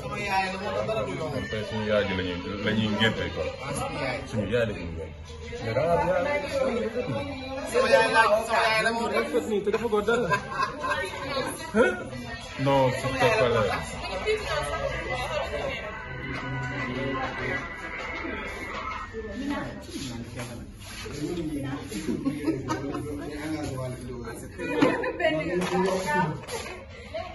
sama yaay la moo tax dara du yomb. tey suñu yaay ji la ñuy la ñuy ngénte kon. suñu yaay suñu yaay la ñuy ngénte. mais damaa yaay la sama yaay la sama yaay la moo tax fekk nii te dafa ko dara. non s'il te plaît. Thank you.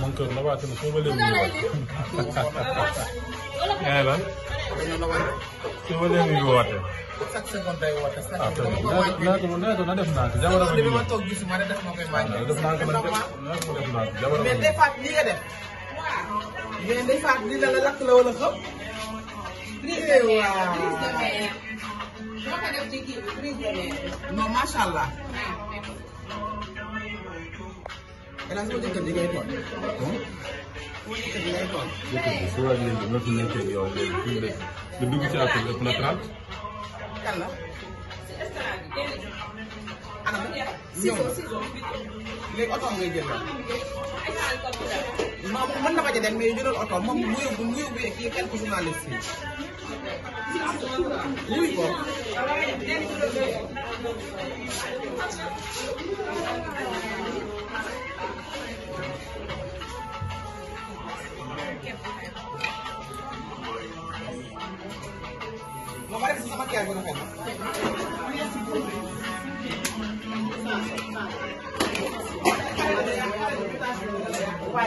moom kër la waati na foofu ba léegi ñu lan. foofu ba léegi ñu woote. ah te naa na def naa ko jamono bi ñu. waaw def naa ko man def naa ko jamono bi ñu. mais day faat lii dana lakk la wala xëpp. waaw. non macha allah. xanaa sama jëkkër ji ngay toog sama jëkkër ji ngay toog. jëkkër ji su waaj léegi noo fi nekkee yow léegi fi mu nekk lu dugg ci affaire bi ëpp na trente. kan la. anam ñëw na léegi oto ngay jël ma mën na bañ a dem mais jëlal oto moom mu yóbbu mu yóbbu kii quelque journaliste yi wuy ko Kemarin sih sama kayak gue kan. Wah,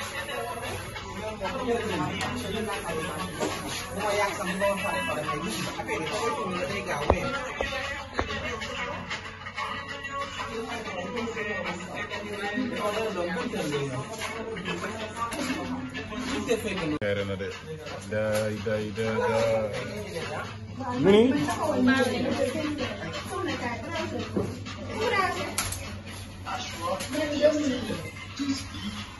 moo yàq sax lool sax dafa dafay nit ñi affaire yi boo ko jëlee day gaaw weer. teere na de day day day mu ni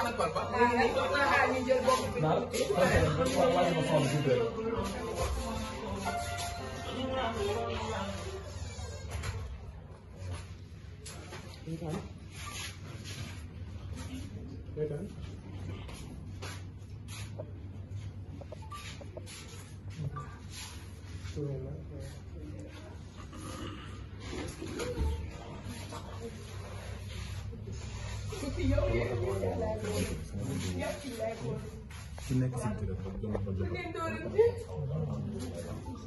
Ana Later. Later. Yep, you like one.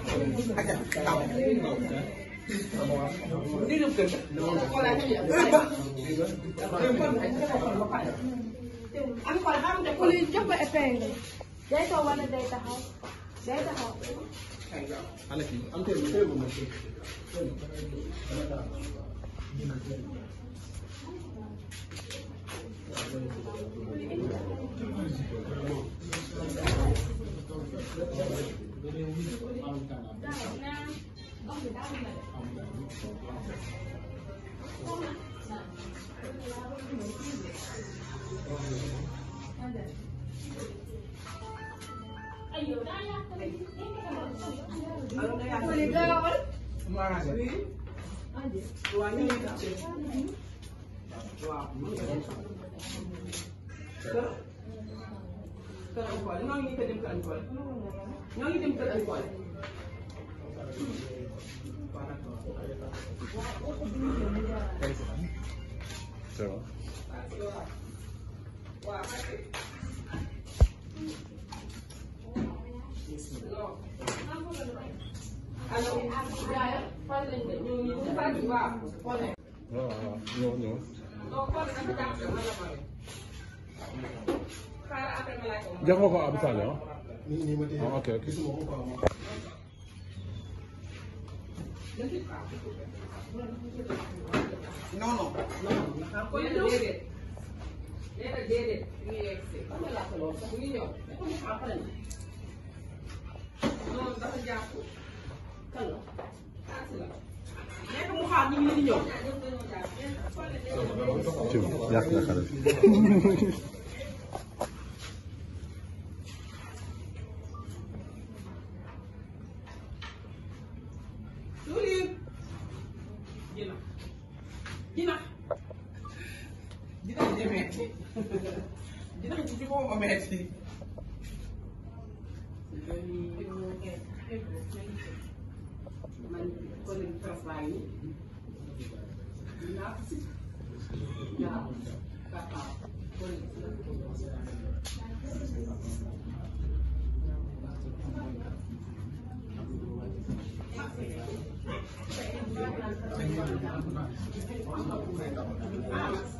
encore xam nga ku jox ko épingle day toog wala day taxaw day taxaw. Thank you. Kalau kau, kau ni kau ni kau ni kau. ñoo ngi dem kër alcool jox nga ko Abou Sall mi ngi nii ma téye ok ok gisuma ko quoi ma non non. Tüm, yakla kardeşim. metti Ah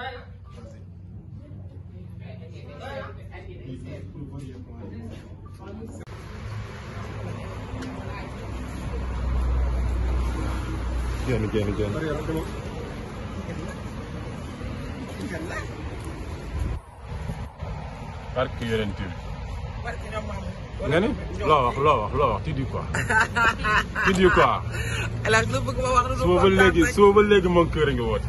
génn génn génn barke yonent bi nga ni loo wax loo wax loo wax tu dis quoi tu dis quoi su ba léegi su ba léegi moom kër a ngi woote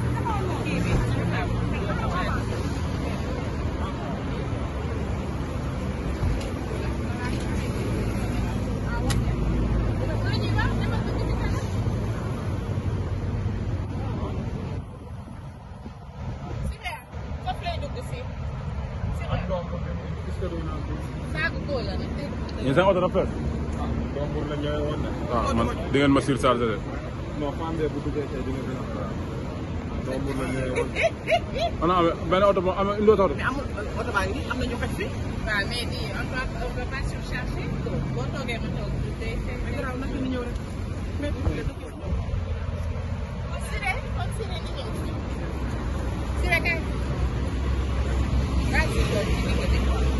seen oto dafa fees. waaw man di ngeen ma surchargé de. non ana amee benn oto boo amee indi oto oto. mais amul oto baa ngi am na ñu xaj bi. waaw mais nii on va on va pas surcharger. boo toogee ma toog day fekk. garaaw nag ñu ñëw rek. mais bu dee dëkk bi. Siré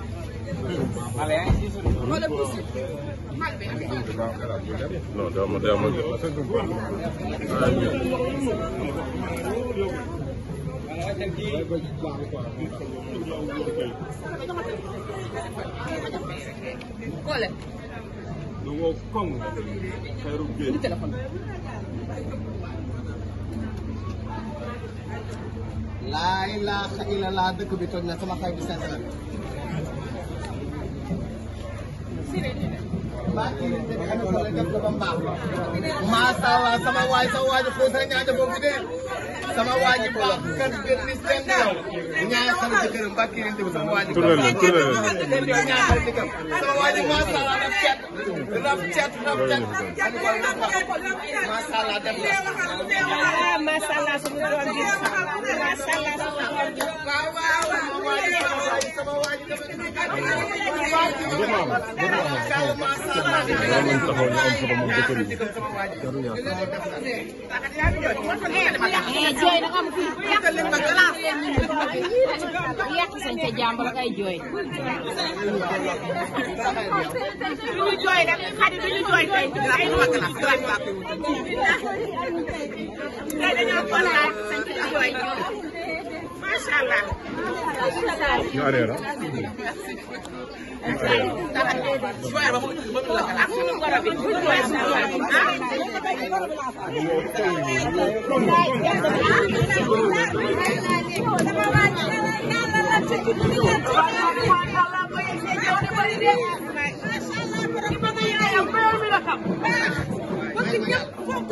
non dama dama Dungo Congo, Kairu Gate. laa ilaaha illallaah dëkk bi toj na sama xay bi masha Allah sama waay sama waay xóos rek ñaa boobu de sama waa ji ko kan gën ni seen yow ñaanal sama jëkkëram mbàkk yi di sama waa ji ko ñaanal jëkkëram sama waa ji macha allah def cet raf cet raf cet macha allah def na macha allah suñu doom bi macha allah suñu doom bi waaw waaw sama waa ji sama waa ji yàq sañ ca jàmbur ak ay jooy. lu ñu jooy rek xadi lu ñu jooy tey ay mag la tey dañoo kontaan sañ ca jooy macha allah. Bokk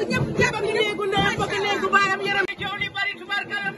ñëpp jàpp léegu ndeyam bokk léegu baayam yaram coow li bari tubaarkalla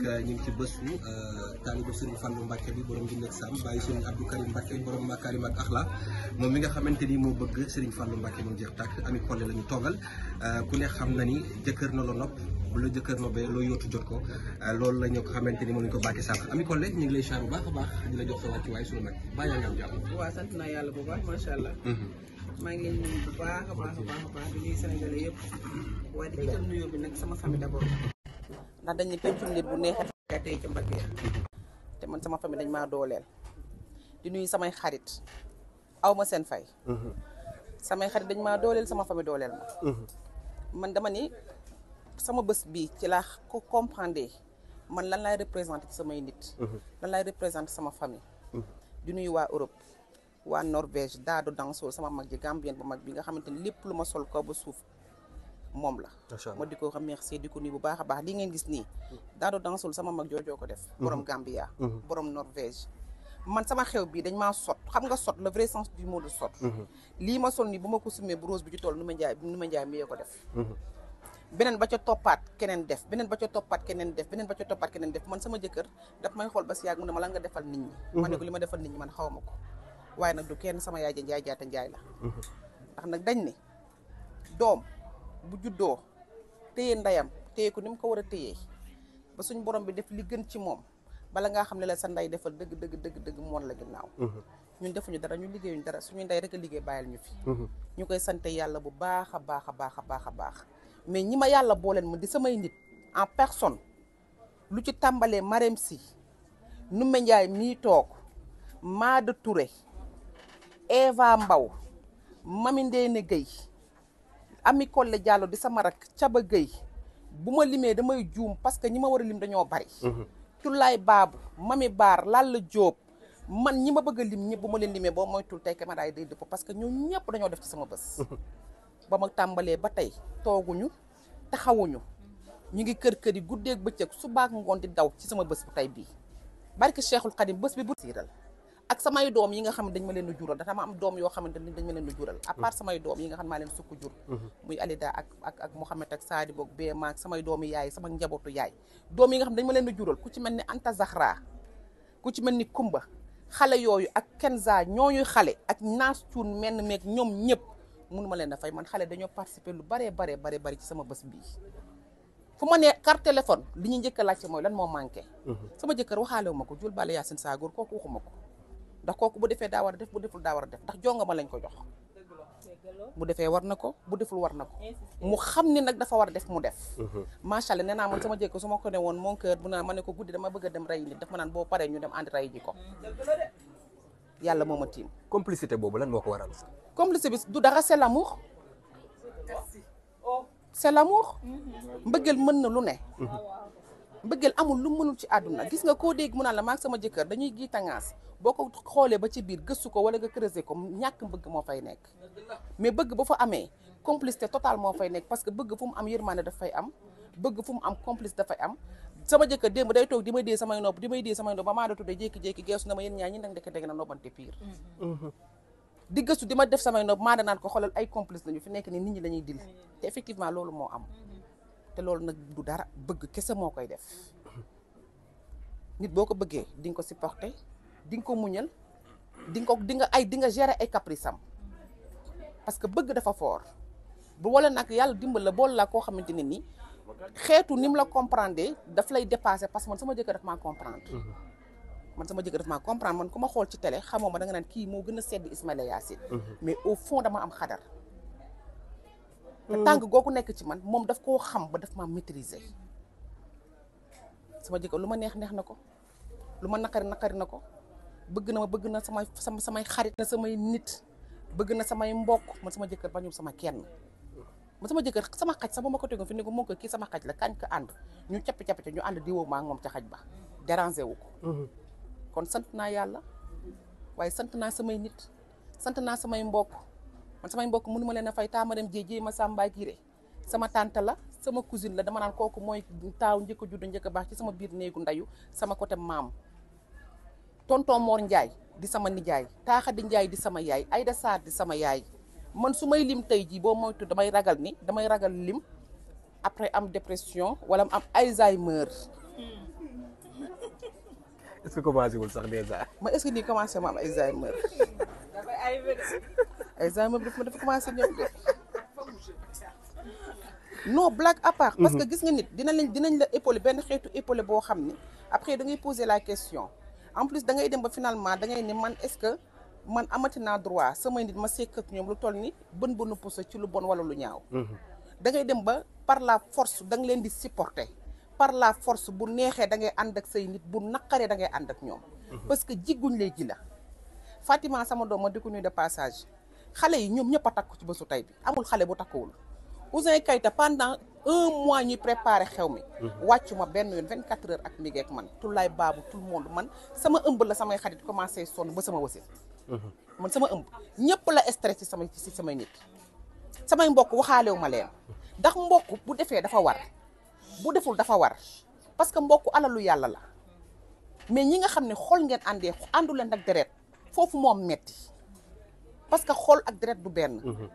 nag euh, ñu ngi ci bësu euh, taalibu Serigne Fallou Mbacke bi borom Ndindeeg Sam bàyyi Serigne Abdou Karim Mbacke borom Makarim ak Axla moom mi nga xamante ni moo bëgg Serigne Fallou Mbacke moom jeex tàkk ami Collé la ñu toogal euh, ku ne xam na ni jëkkër na la nopp bu la jëkkër noppee loo yóotu jot ko loolu la ñu ko xamante ni moom ni ko bàkkee sànq ami Collé ñu ngi lay xaar bu baax a baax di la jox sa wàccuwaay suñu nag baax macha allah. Mhm. maa ngi leen bu baax a baax a baax a baax di nuyu Sénégalais sama famille d'abord ndax dañ ne pencum nit bu neexee nga tey ca mbagg ya te man sama famille dañ maa dooleel di nuyu samay xarit aw ma seen fay samay xarit dañ maa dooleel sama famille dooleel man dama ni sama bés bi ci la ko comprendre man lan laay représenté ci samay nit lan laay représenté sama famille di nuyu waa Europe waa Norvège daado dansool sama mag ji Gambien bu mag bi nga xamante ni lépp lu ma sol ko ba suuf moom la ma di ko remercier di ko nii bu baax a baax li ngeen gis nii daado dansul sama mag joojoo ko def mhm. borom Gambia mhm. borom Norvège man sama xew bii dañ maa sot xam nga sot la vrai sance du mot de sot mhm. lii ma sol nii bu ma ko sumee bu rose bi ci tool nu ma njaay nu ma njaay ko def beneen ba ca toppaat keneen def beneen ba ca toppaat keneen def beneen ba ca toppaat keneen def man sama jëkkër daf may xool ba si yàgg mu ne ma lan nga defal nit ñi ma ne ko li ma defal nit ñi man xaw ma ko waaye nag du kenn sama yaay ja njaay jaata njaay la ndax nag dañ bu juddoo téye ndeyam téye ko ni mu ko war a téye ba suñ borom bi def li gën ci moom bala nga xam ne la sa ndey defal dëgg dëgg dëgg dëgg moon la ginnaaw mhm. ñun defuñu dara ñu liggéeyuñu dara suñu ndey rek a liggéey bàyyil ñu fi mhm. ñu koy sante yàlla bu baax a baax a baax a baax a baax mais ñi ma yàlla booleen ma di samay nit en personne lu ci tàmbalee Marème Sy Numbe Ndiaye mii toog Maada Touré Eva Mbaw Mami Ndéene Gueye Ami Collé Diallo di sama ca ba Gueye bu ma limee damay juum parce que ñi ma war a lim dañoo bari Cullaay mhm. Baabu Mami Baar Lalla Jóob man ñi ma bëgg a lim ñëpp bu ma leen limee boo mooy tul tey caméra yi day dëpp parce que ñoo ñëpp dañoo def ci sama bés mhm. ba ma tàmbalee ba tey tooguñu taxawuñu ñu ngi kër kër yi guddeeg bëccëg subaak ngoon di daw ci sama bés bu tey bii barke Cheikhul Khadim bés bi bu siiral ak samay doom yi nga xam ne dañ ma leen a jural dafa am doom yoo xamante ne dañ leen a jural à part samay doom yi nga xam ne maa leen sukk jur mhm. muy Alida ak ak ak Mouhamed ak Sadibou ak Béma ak samay doomi yaay sama njabootu yaay doom yi nga xam ne dañ ma leen a jural ku ci mel ni Anta Zahra ku ci mel ni Kumba xale yooyu ak Kenza ñooñu xale ak naas cuun menn meeg ñoom ñëpp ma leen a fay man xale dañoo participer lu baree baree baree bari ci sama bés bii fu ma ne carte téléphone li ñu njëkk a laajte mooy lan moo manqué mhm. sama jëkkër wu ma ko jul bale Yacine Sagour kooku waxuma ko ndax kooku bu defee daa war a def bu deful daa war a def ndax jongama lañ ko jox bu defee war na ko bu deful war na ko mu xam ni nag dafa war a def mu def mhm. macha allah nee naa man sama jékko su ma ko ne woon mon cœur bu naa ma ne ko guddi dama bëgg a dem rey nit daf ma naan boo paree ñu dem àndi rey ko yàlla moom ma tiim complicité boobu lan moo ko waral complicité bi du dara c'est l'amour c'est l'amour mhm. mbëggeel mën na lu ne mhm. mbëggeel amul lu mënul ci àdduna gis nga koo dégg mu naan la maag sama jëkkër dañuy gii tangaas boo ko xoolee ba ci biir gëstu ko wala moo fay nekk mais bëgg ba fa amee complicité totale moo fay nekk parce que bëgg fu mu am yërmande daf fay am bëgg fu mu am complice dafay am sama jëkkër démb day toog di may dee samay nopp di may dee samay nopp ba maa doon tuddee jékki-jékki ma yéen ñaa ñi nag ndekk na noppante mm-hmm. def samay nopp maa danaan ko xoolal ay complice lañu fi nekk ni nit ñi lañuy dil te effectivement loolu moo am te loolu nag du dara bëgg kese moo koy def nit boo ko bëggee di nga ko supporter di nga ko muñal di ko di nga ay di nga gérer ay caprice am parce que bëgg dafa foor bu wala nag yàlla dimbal la bool laa koo xamante ne nii xeetu ni la comprendre daf lay dépasser parce que man sama jëkkër daf maa comprendre. Mhm. man sama jëkkër daf maa comprendre man ku ma xool ci tele xamoo ma da nga naan kii moo gën a sedd Ismaïla Yacine mhm. mais au fond dama am xadar. te mm. tàng googu nekk ci man moom daf koo xam ba def ma maîtriser sama jëkkër lu ma neex neex na ko lu ma naqari naqari na ko bëgg na ma bëgg na samay sama samay xarit na samay nit bëgg na samay mbokk man sama jëkkër bañul sama kenn man sama jëkkër sama xaj sax bu ma ko tegoon fi ne ko moom kii sama xaj la kañ ko ànd ñu cappi-cappi te ñu ànd di maa moom ca xaj ba dérangé wu ko mm-hmm. kon sant naa yàlla waaye sant naa samay nit sant naa samay mbokk man samay mbokk mënu ma leen a fay taama dem jéejéey ma sàmbaay sama tante la sama cousine la dama naan kooku mooy taaw njëkk a judd njëkk a baax ci sama biir néegu ndayu sama côté maam tonton Mor Ndiaye di sama nijaay taaxa di Ndiaye di sama yaay Aïda Sarr di sama yaay man su may lim tey jii boo moytu damay ragal ni damay ragal lim après am dépression wala am Alzheimer. est-ce que commencé wul sax déjà. ma est commencé ma am Alzheimer. examen moom dafa dafa commencé ñëw de non blague à parce que mhm. gis nga nit dina lañ dinañ la épolé benn xeetu épaulé boo xam ni après dangay ngay la question en plus da ngay dem ba finalement da ngay ne man est-ce que man amati naa droit samay nit ma sekk ak ñoom lu toll ni bën bënu puso ci lu bon wala lu ñaaw. Mhm. da ngay dem ba par la force da nga leen di supporter par la force bu neexee da ngay ànd ak say nit bu naqaree da ngay ànd ak ñoom. Mhm. parce que jiguñ lay ji la Fatima sama doom ma di ko de passage. xale yi ñoom ñëpp a takku ci bésu tey bi amul xale bu takkuwul Ouzin Keita pendant un mois ñuy préparé xew mi mhm. wàccu ma benn yoon vingt quatre heures ak mi geek man tullaay baabu tout le monde man sama ëmb la samay xarit commencé sonn ba sama wasin mhm. man sama ëmb ñëpp la stress ci samay ci samay nit samay mbokk waxaalewu ma leen ndax mbokk bu defee dafa war bu deful dafa war parce que mbokk alalu yàlla la mais ñi nga xam ne xool ngeen àndee àndu leen ak deret foofu moom metti parce que xol ak deret du benn. Mhm.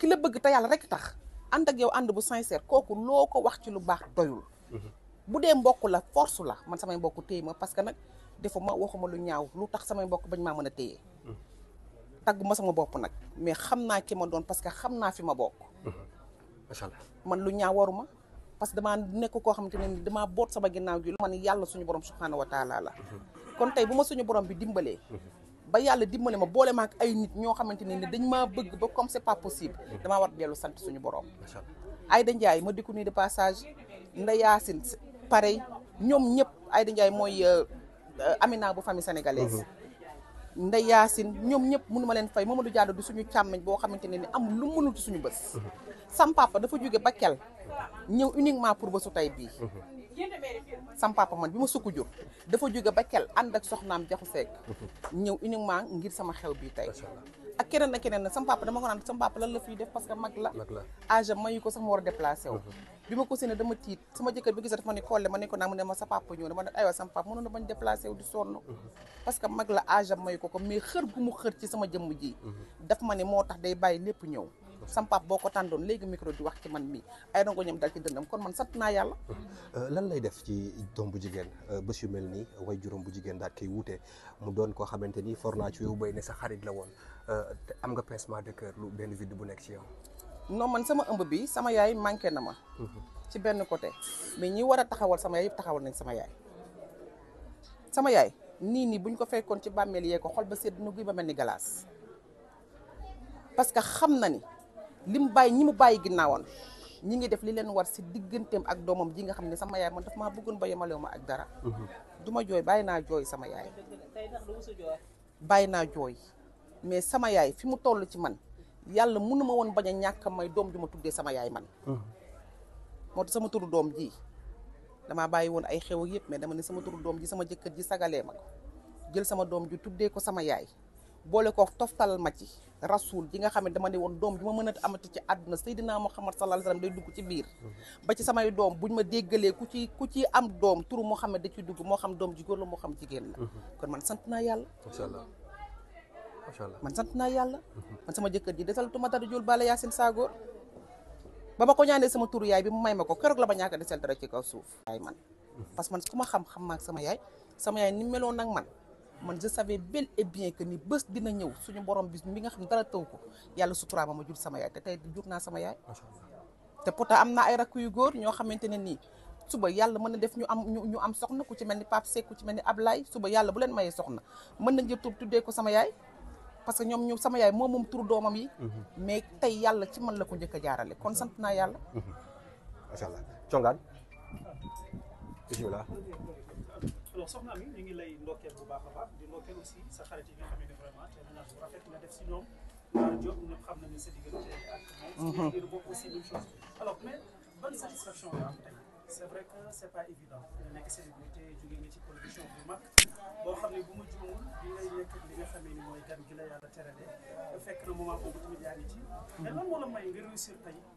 ki la bëgg te yàlla rek tax ànd ak yow ànd bu sincère kooku loo ko wax ci lu baax doyul. Mhm. bu dee mbokk la force la man samay mbokk téye ma parce que nag defuma waxuma lu ñaaw lu tax samay mbokk bañ maa mën a téye. Mhm. tagguma sama bopp nag mais xam naa ki ma doon parce que xam naa fi ma bokk. macha man lu ñaaw waruma parce que damaa nekk koo xamante ne ni damaa boot sama ginnaaw gi. man yàlla suñu borom subhaanahu wa taala la. kon tey bu ma suñu borom bi dimbalee. ba yàlla dimbale ma boole ma ak ay nit ñoo xamante ne ni dañ maa bëgg ba comme c'est pas possible damaa war dellu sant suñu borom. ay Ndiaye ma dikku nii de passage Nda Yacine pareil ñoom ñëpp ay Ndiaye mooy euh, euh, Amina bu famille sénégalaise. Mhm. Nda Yacine ñoom ñëpp mënu leen fay Mamadou Diallo du suñu càmmiñ boo xamante ne ni am lu mënul suñu bës. Mhm. sam papa dafa jóge Bakel ñëw uniquement pour bësu tey bii. Mhm. sam papa man bi ma sukk jur dafa jóge ba kel ànd ak soxnaam jaxu sekk ñëw uniquement ngir sama xew bii tey ak keneen ak keneen sam papa dama ko naan sam papa lan la fiy def parce que mag la âge mayu ko sax ma war wu mhm. ma ko séenee dama tiit sama jëkkër bi gis dafa ma ne kolle ma ne ko ma sa papa ñëw na ma ne aywa di sonn mhm. parce que mag la âge mayu ko ko mais xër gu mu xër ci sama jëmm ji mhm. daf ma ne moo tax day bàyyi lépp ñëw sam pap boo ko tàndoon léegi micro di wax ci man mii ay dongo ñam dal ci dëndam kon man sat naa yàlla euh, lan lay def ci doom bu jigéen euh, bés yu mel nii way juróom bu jigéen daal koy wuute mu doon koo xamante ni for naa ci bay ne sa xarit la woon euh, am nga pincement de lu benn vide bu nekk ci yow non man sama ëmb bi sama yaay manqué na ma mhm. ci benn côté mais ñi war a taxawal sama yaay yëpp taxawal nañ sama yaay sama yaay nii nii buñ ko fekkoon ci bàmmeel yee ko xol ba sedd nu guy ba mel ni galaas que xam na li mu bàyyi ñi mu bàyyi ginnaawam ñi ngi def li leen war si digganteem ak doomam ji nga xam ne sama yaay man daf maa bëggoon ba yemalew ma ak dara mhm. du ma jooy bàyyi naa jooy sama yaay bàyyi naa jooy mais sama yaay fi mu toll ci man yàlla mënu ma woon bañ a ñàkk may doom ju ma tuddee sama yaay man mhm. moo sama turu doom ji damaa bàyyi woon ay xew ak yëpp mais dama ne sama turu doom ji sama jëkkër ji sagalee ma ko jël sama doom ju tuddee ko sama yaay boole ko toftalal ma ci rasul ji nga xam ne dama ne woon doom bi ma mën a amati ci àdduna Seydina Muhammad sallallahu alayhi wasallam day dugg ci biir mhm. ba ci samay doom buñ ma déggalee ku ci ku ci am doom turu Muhammad da ciy dugg moo xam doom ji góor la moo xam jigéen la mhm. kon man sant naa yàlla macha allah man sant naa yàlla mhm. man sama jëkkër ji desal tuma dara jul bala yaasin saagoor ba ma ko ñaanee sama turu yaay bi mu may ma ko keroog la ma ñaaka desal dara ci kaw suuf yaay man parce que man ku ma xam-xam maak sama yaay sama ni meloon nag man man sa savais bel et bien que ni bës dina ñëw suñu borom bi mi nga xam ne dara taw ko yàlla su ma a jur sama yaay te tey jur naa sama yaay. te pourtant am naa ay rakk yu góor ñoo xamante ne nii suba yàlla mën na def ñu am ñu am soxna ku ci mel ni Pape Seck ku ci mel ni ab Ablaye suba yàlla bu leen mayee soxna mën na jël tur tuddee ko sama yaay. parce que ñoom ñoom sama yaay moo moom tur doomam yi. Mhm. mais tey yàlla ci man la ko njëkk a jaarale kon sant naa yàlla. Mhm. macha allah congaan soxna mi ñu ngi lay ndokkeel bu baax a baax di ndokkeel aussi sa xarit yi nga xam ne vraiment te na bu rafet nga def si ñoom Naar Diop ñëpp xam nañu sa diggante ak moom. si biir bopp aussi même chose alors mais ban satisfaction la am tey. c'est vrai que c'est pas évident nga nekk célébrité jóge nga ci production bu mag boo xam ne bu ma juumul di lay nekk li nga xamee ni mooy gan gi la yàlla na ci mais lan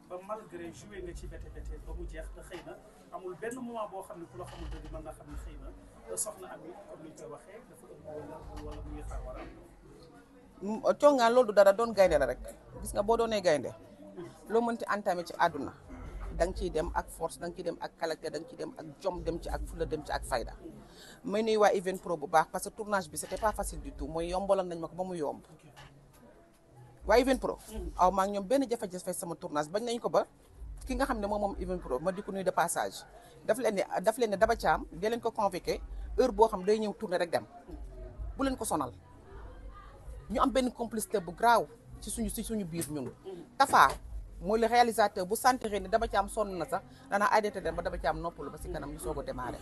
ba malgré joué nga jeex te xëy na amul benn moment boo xam ne ku la xamul dëgg nga xam ne xëy na soxna am yi comme niñ koy waxee dafa ëpp wala wala mu ngi xaar wala mm, congaan loolu du dara doon gaynde la rek gis nga boo doonee gaynde loo mënti entamé ci àdduna da nga ciy dem ak force da nga dem ak caractère da nga ciy dem ak jom dem ci ak fula dem ci ak fayda may nuyu waa Even Pro bu baax parce que tournage bi c'était pas facile du tout mooy yombaloon nañ ma ko ba mu yomb waa Even Pro aw maak ñoom benn jafe sama tournage bañ nañ ko ba ki nga xam ne moom moom Even Pro ma di ko nuyu de passage daf leen ne daf leen ne daba caam di leen ko convoqué heure boo xam day ñëw tourné rek dem bu leen ko sonal ñu am benn complicité bu graaw ci suñu ci suñu biir ñun Tafa mooy le réalisateur bu sentir ni dama ci am sonn na sax danaa arrêté dem ba dama ci am noppalu ba si kanam ñu soog a démarré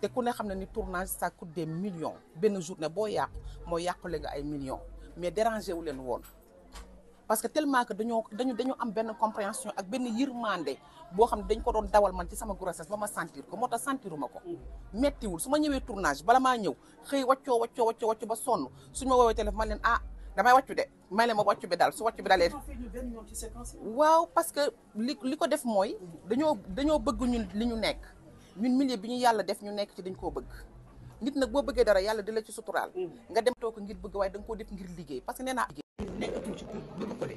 te ku ne xam ne ni tournage ça coûte des millions benn journée boo yàqu moo yàqule nga ay millions mais dérangé wu leen woon. parce que tellement que dañoo dañu dañu am benn compréhension ak benn yërmande boo xam ne dañ ko doon dawal man ci sama grossesse ba ma sentir ko moo tax sentiruma ko mettiwul su ma ñëwee tournage bala maa ñëw xëy waccoo waccoo waccoo wacco ba sonn suñu ma woowee téléphone man leen ah damay wàccu de may leen ma wàccu bi daal su wàccu bi dalee. waaw parce que li li ko def mooy dañoo dañoo bëgg ñun li ñu nekk ñun milieu bi ñu yàlla def ñu nekk ci dañ koo bëgg. nit nag boo bëggee dara yàlla di la ci suturaal. Mm. nga dem toog ngir bëgg waaye da nga koo def ngir liggéey parce que nee naa. liggéey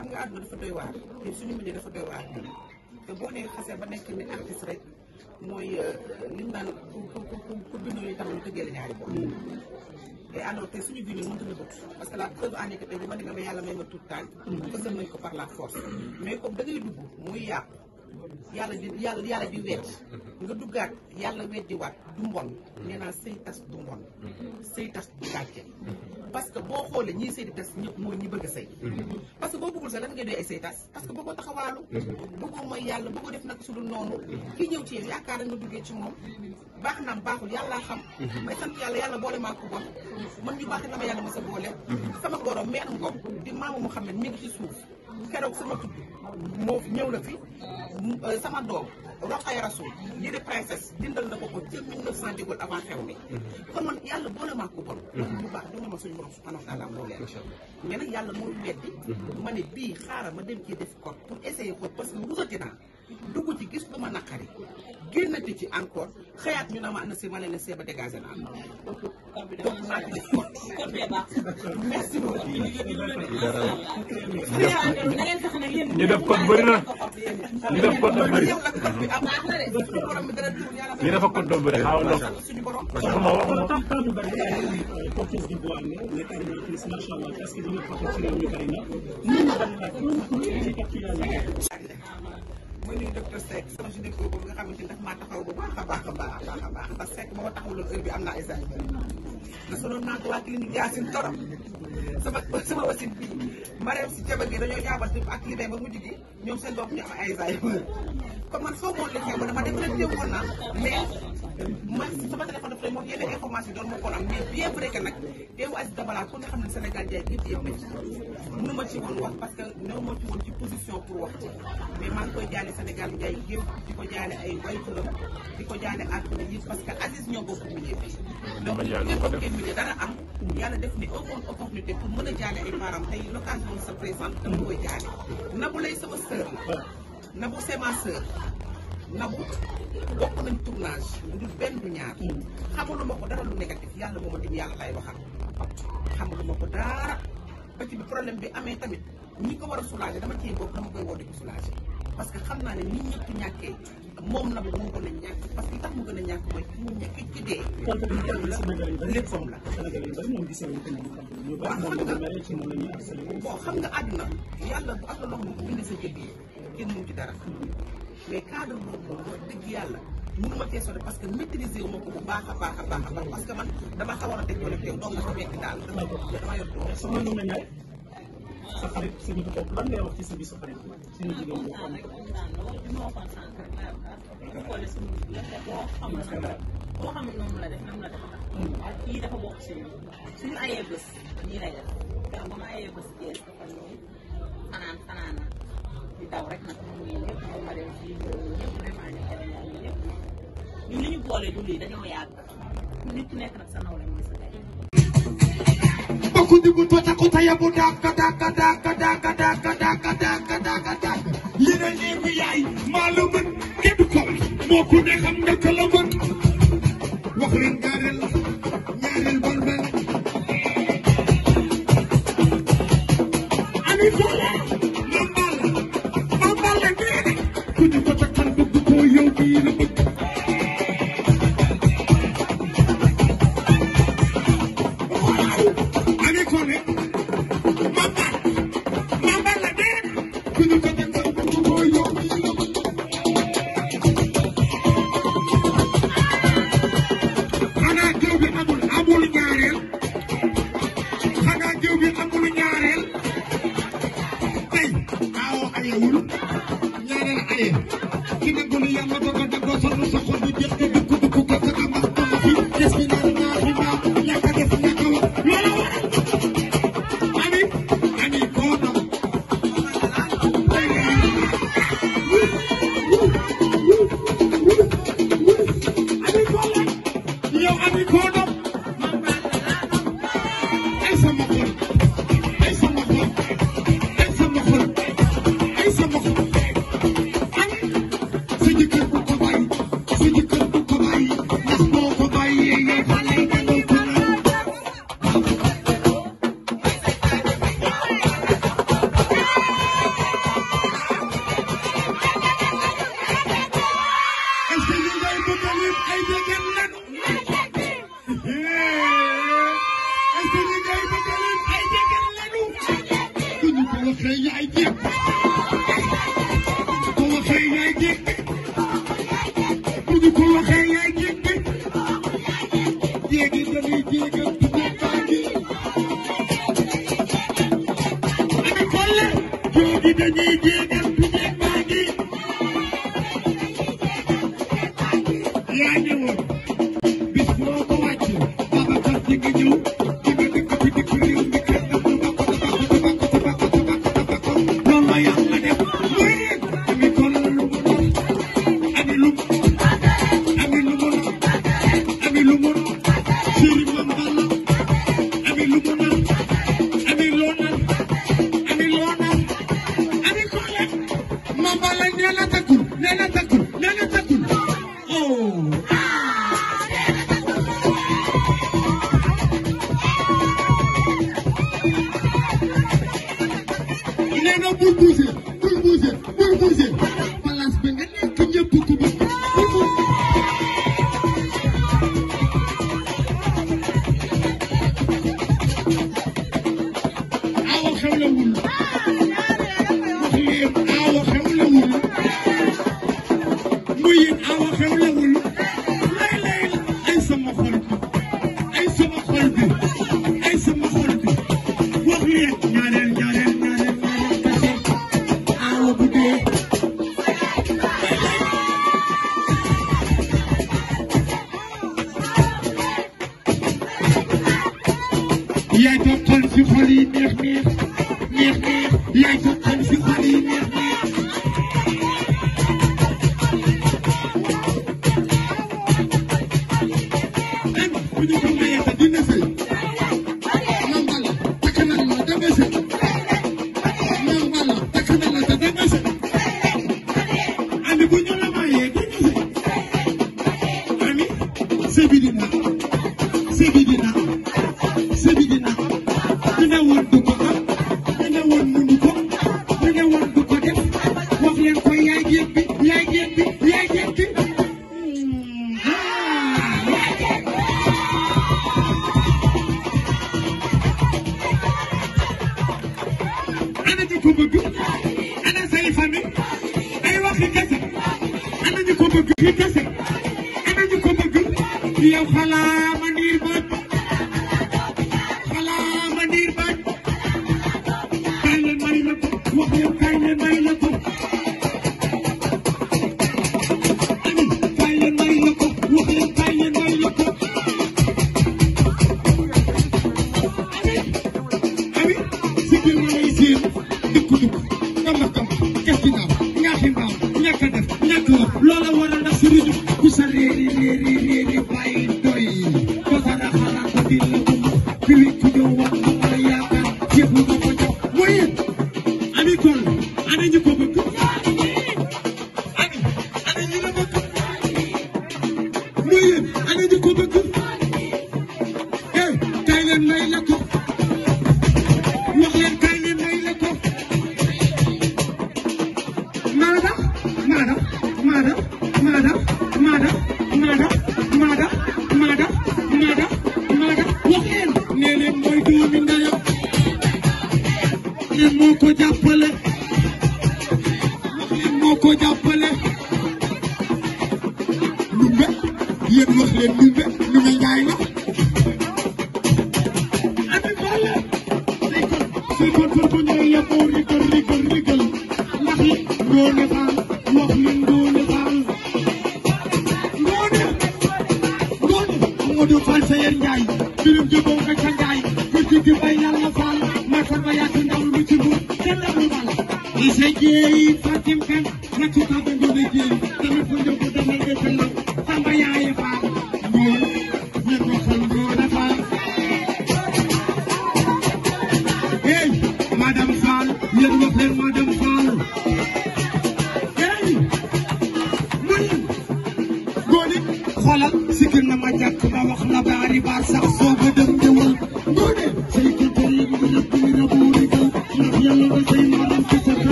xam nga àdduna dafa doy waar ñun suñu milieu dafa doy waar ñun te boo nee xasee ba nekk ni artiste rek mooy euh, li mu naan ku ku ku ku bindu yi tamit tëggee la ñaari bopp. te alors te suñu bindu mënut a nëbët parce que la preuve en est que tey ma ne dama yàlla may ma tuut tànk. Mm. fësal nañ ko par la force. mais comme da dugg muy yàqu. yàlla di yàlla yàlla di wedd nga duggaat yàlla weddiwaat du mbon nee naa sëy tas du mbon sëy tas du gàcce parce que boo xoolee ñii sëy di tas ñëpp mooy ñi bëgg a sëy parce que boo bëggul sax lan ngay doy ay sëy tas parce que bëggoo taxawaalu bëggoo mooy yàlla bëggoo def nag su dul noonu kii ñëw ci yow yaakaar nga duggee ci moom baax naam baaxul yàllaa xam may sant yàlla yàlla boole maa ko bon man ñu baax na ma yàlla ma sa boole sama borom meen ko di maamu Muhammad mi ngi ci keroog sama tudd moo ñëw na fi euh, sama doom Rokhaya Rassoul lii di princesse dindal na ko ko ca 1900 avant xew mi. Mm-hmm. kon man yàlla boole maa ko bon. Mm-hmm. bu baax dina ma suñu borom subhanahu wa taala moo leer. mais nag yàlla moo weddi. Mm-hmm. ma ne bii xaaral ma dem ci def ko pour essayer ko parce que wutati naa. dugg ci gis lu ma naqari génnati ci encore xëyaat ñu na ma ana si ma leen seeba dégagé naa merci beaucoup ñu def code bëri na ñu def code bëri ñu def code bëri xaaw na waxuma waxuma ma nuyu docteur Seck sama gynéco boobu nga xamante ni daf maa taxaw bu a baax a a baax ba Seck ba ma taxawuloon am naa échange na sonoon naa ko am ay ma koon ma ci woon wax parce que ñoo ma ci woon ci position pour wax mais maa ngi koy jaay jaale Sénégal Ndiaye yëpp di ko jaale ay wayturam di ko jaale àdduna yëpp parce que Aziz ñoo bokk milieu bi. donc bu ngeen milieu dara am. yàlla def ni amoon opportunité pour mën a jaale ay parents tey l'occasion se présente te koy jaale. Nabou lay sama sœur la. Nabou c'est ma sœur. Nabou bokk nañ tournage bu dul benn du ñaar. xamaluma ko dara lu négatif yàlla moom itam yàlla lay waxal. xamaluma ko dara ba ci bi problème bi amee tamit ñi ko war a soulager parce que xam naa ne ni ñëpp ñàkkee moom la moo gën a ñàkk parce que tax mu gën a ñàkk mooy fi mu ñàkkee ci dee. la léppam la. bon xam nga àdduna yàlla bu am loxo bu bind sa jëb yi kenn mu dara hmm. mais cadre boobu wax dëgg yàlla mënu ma cee sori parce que maîtriser wu ma ko bu baax a baax a baax a baax parce que man dama xaw a war a déconnecté doom la ko metti daal dama yor doom sa xarit suñu bopp lan ngay wax ci sa sa xarit suñu jigéen boobu. kontaan rek kontaan lool noonu la def noonu la def ndax kii dafa bokk si ñun suñu ayee bés nii lay def ndax ba ma nag muy ñëpp ba pare sa nawle kujibutua cha kutayabu daka daka daka daka daka daka daka daka daka yéen a ñeegu yaay maa la mën kenn ko wax moo ku ne xam nga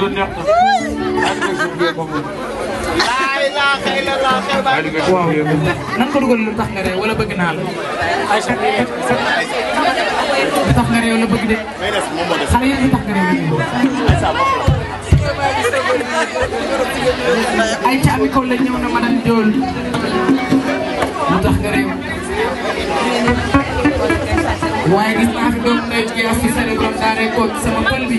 loolu neex na. waaw xëy na waaw xëy na waaw. nan ko dugal lu tax nga réew wala bëgg naa la. ay chaque lu tax nga réew la bëgg de. xale yéen lu tax nga réew ay ca ami kaw la ñëw na madame Diol lu tax nga réew waaye gis naa fi doom na ci assi sare borom daare ko sama pël bi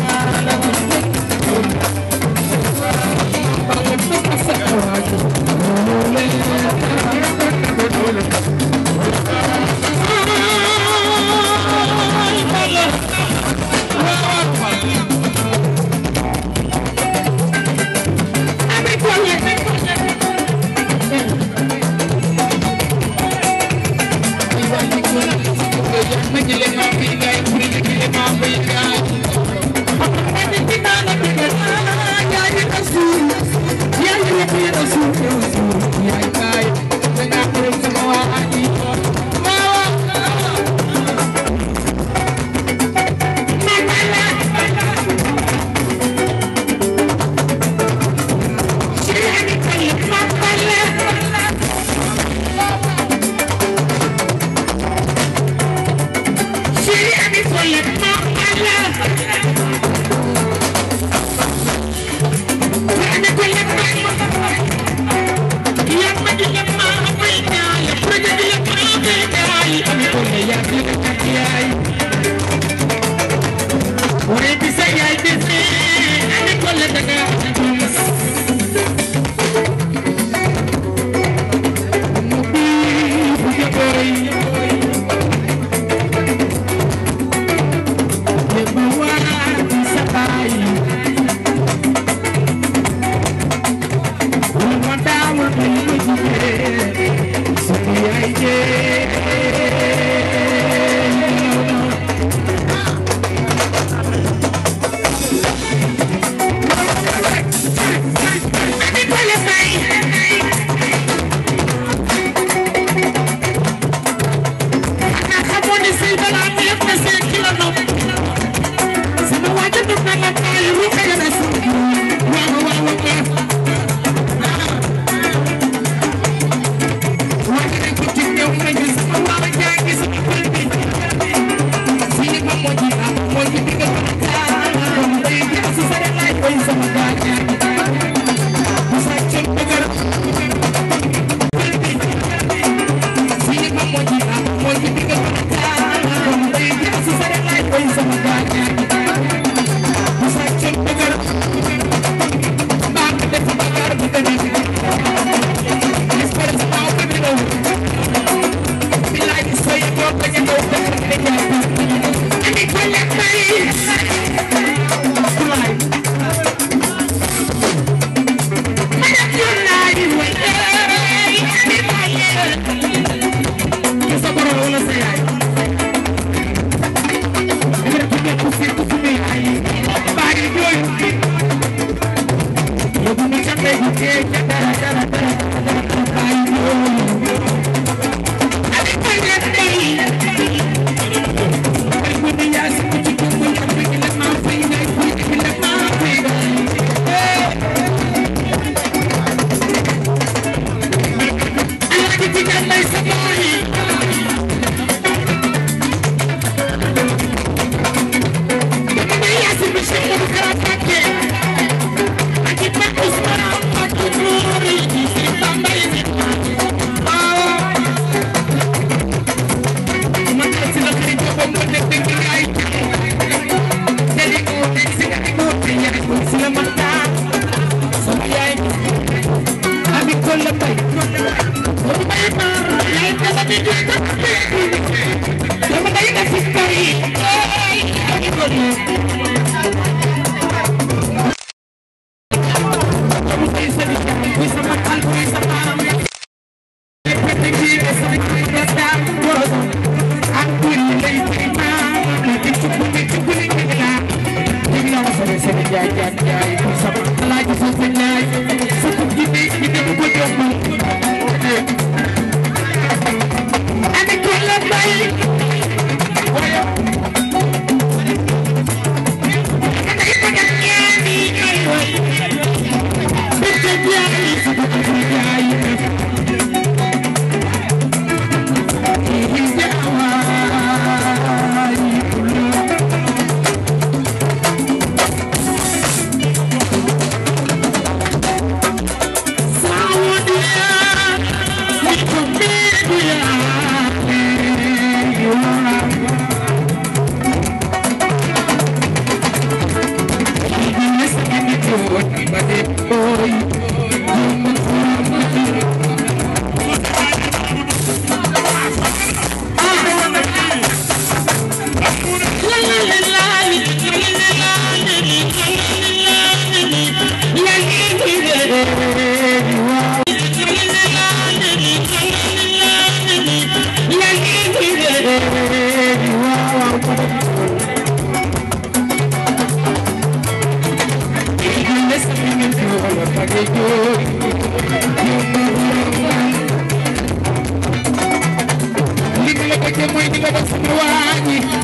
nga dem sama waañi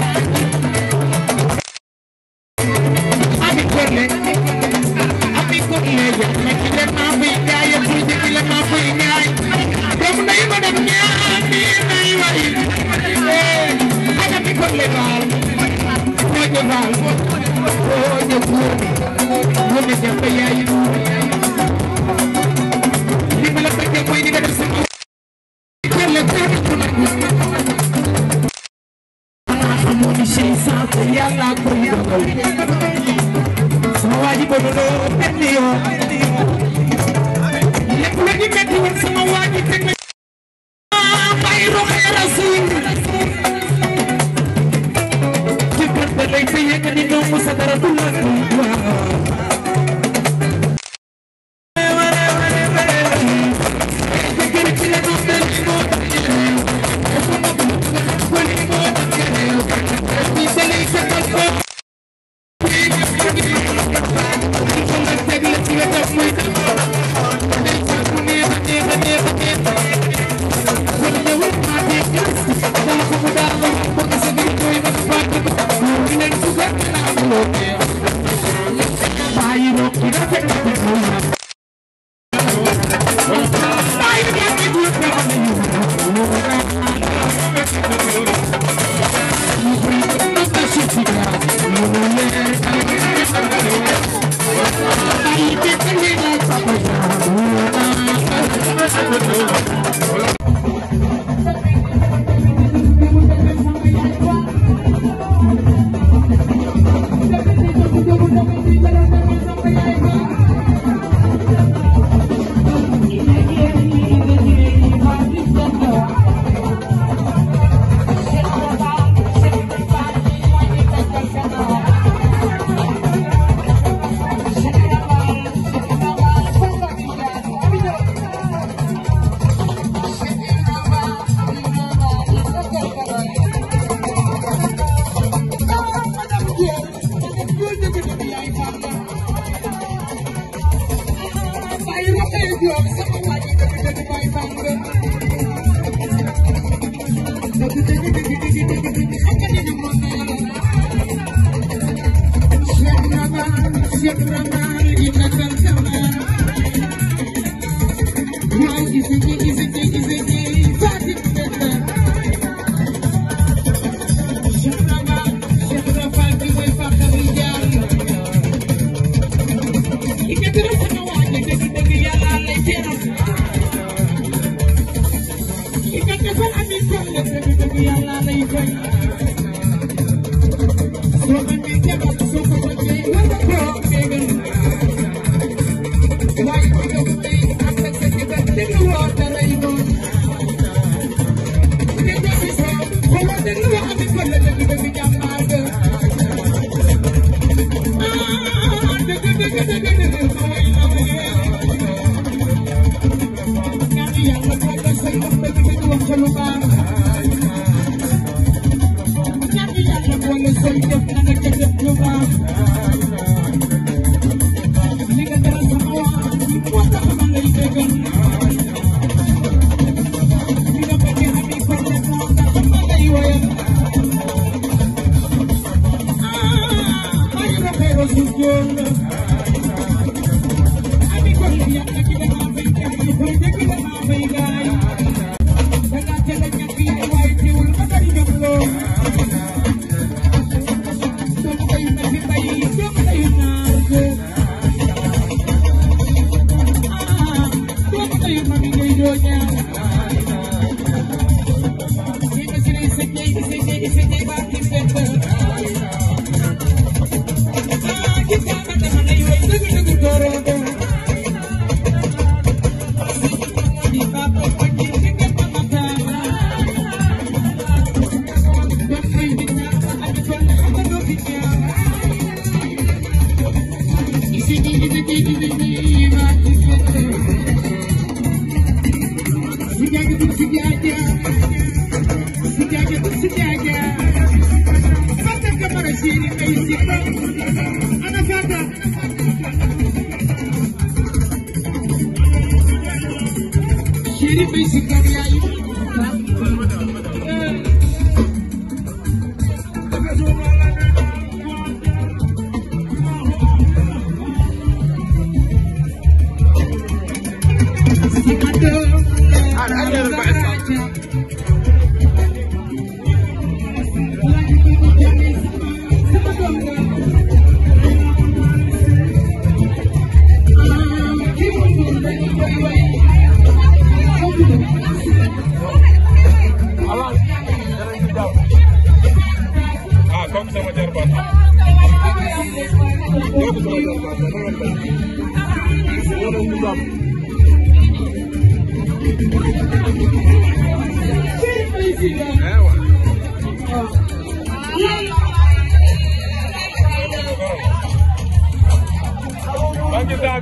Macky Sall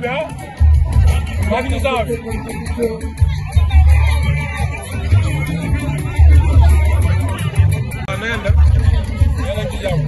bi ah Macky Sall bi waaw na ngeen def yéen a ngi ci jàmm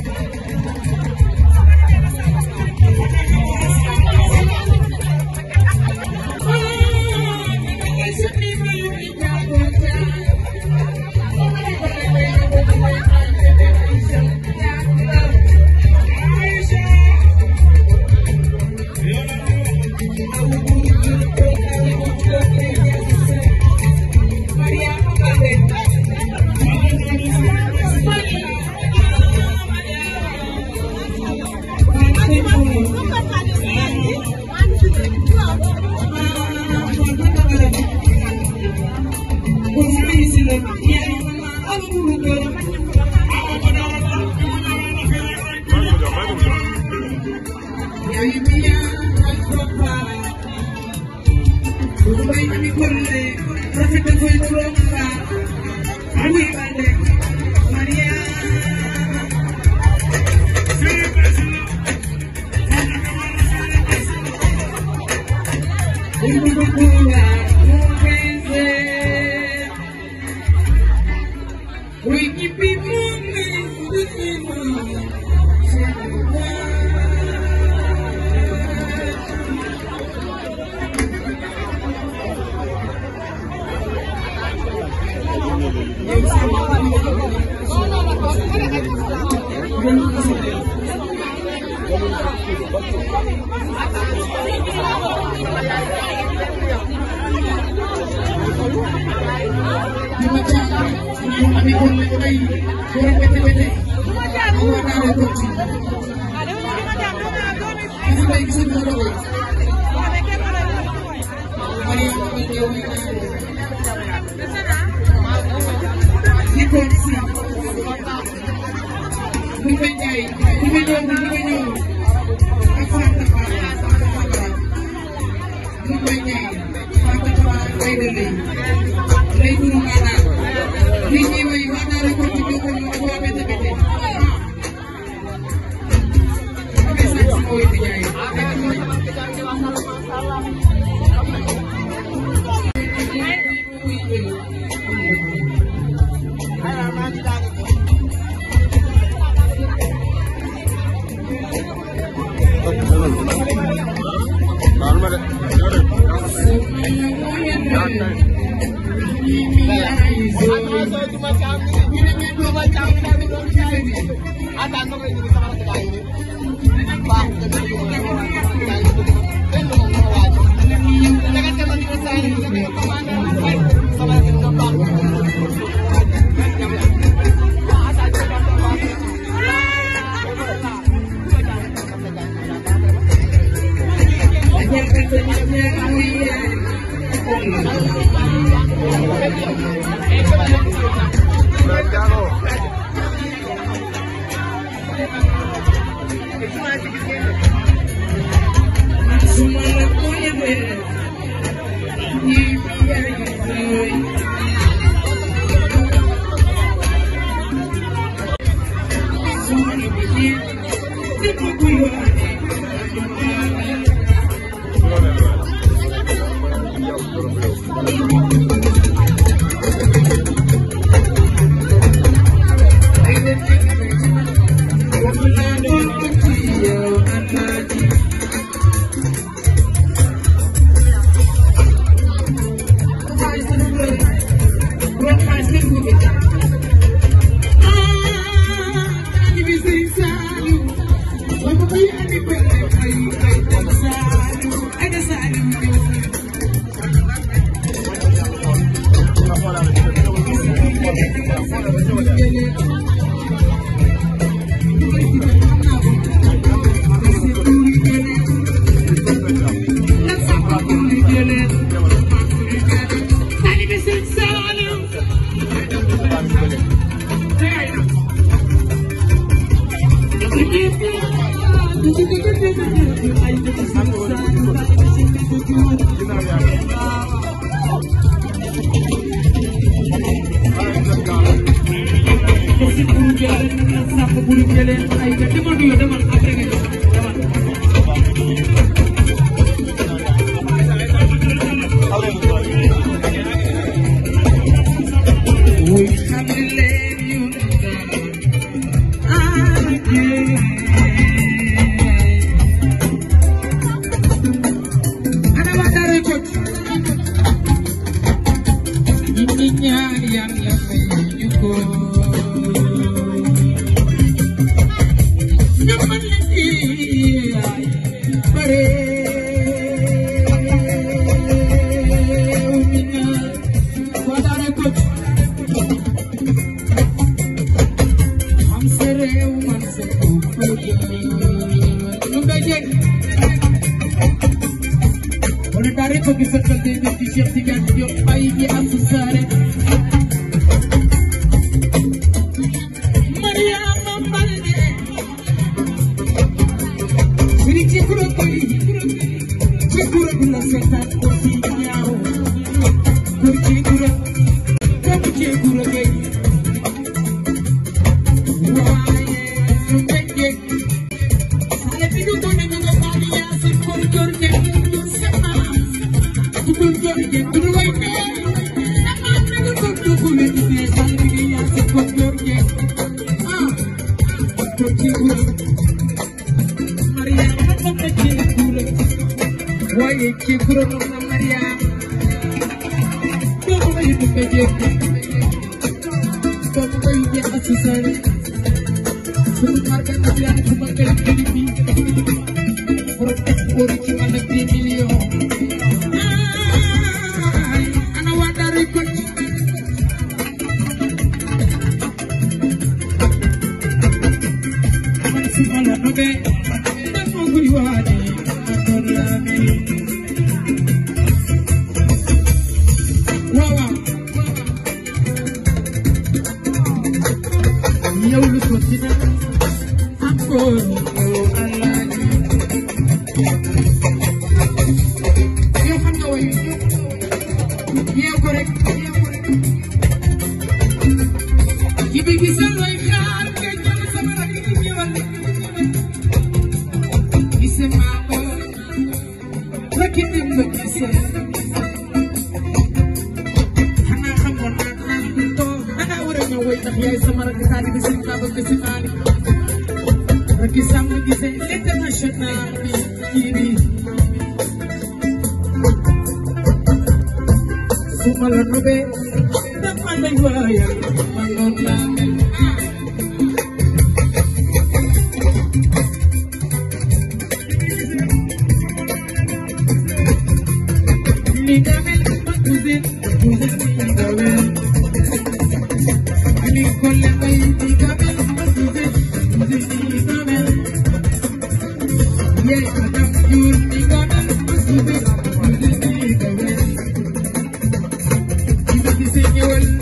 Baye Diouma Thiam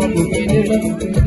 Thank you.